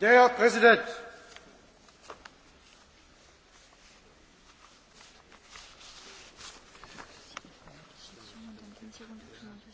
Der Herr Präsident!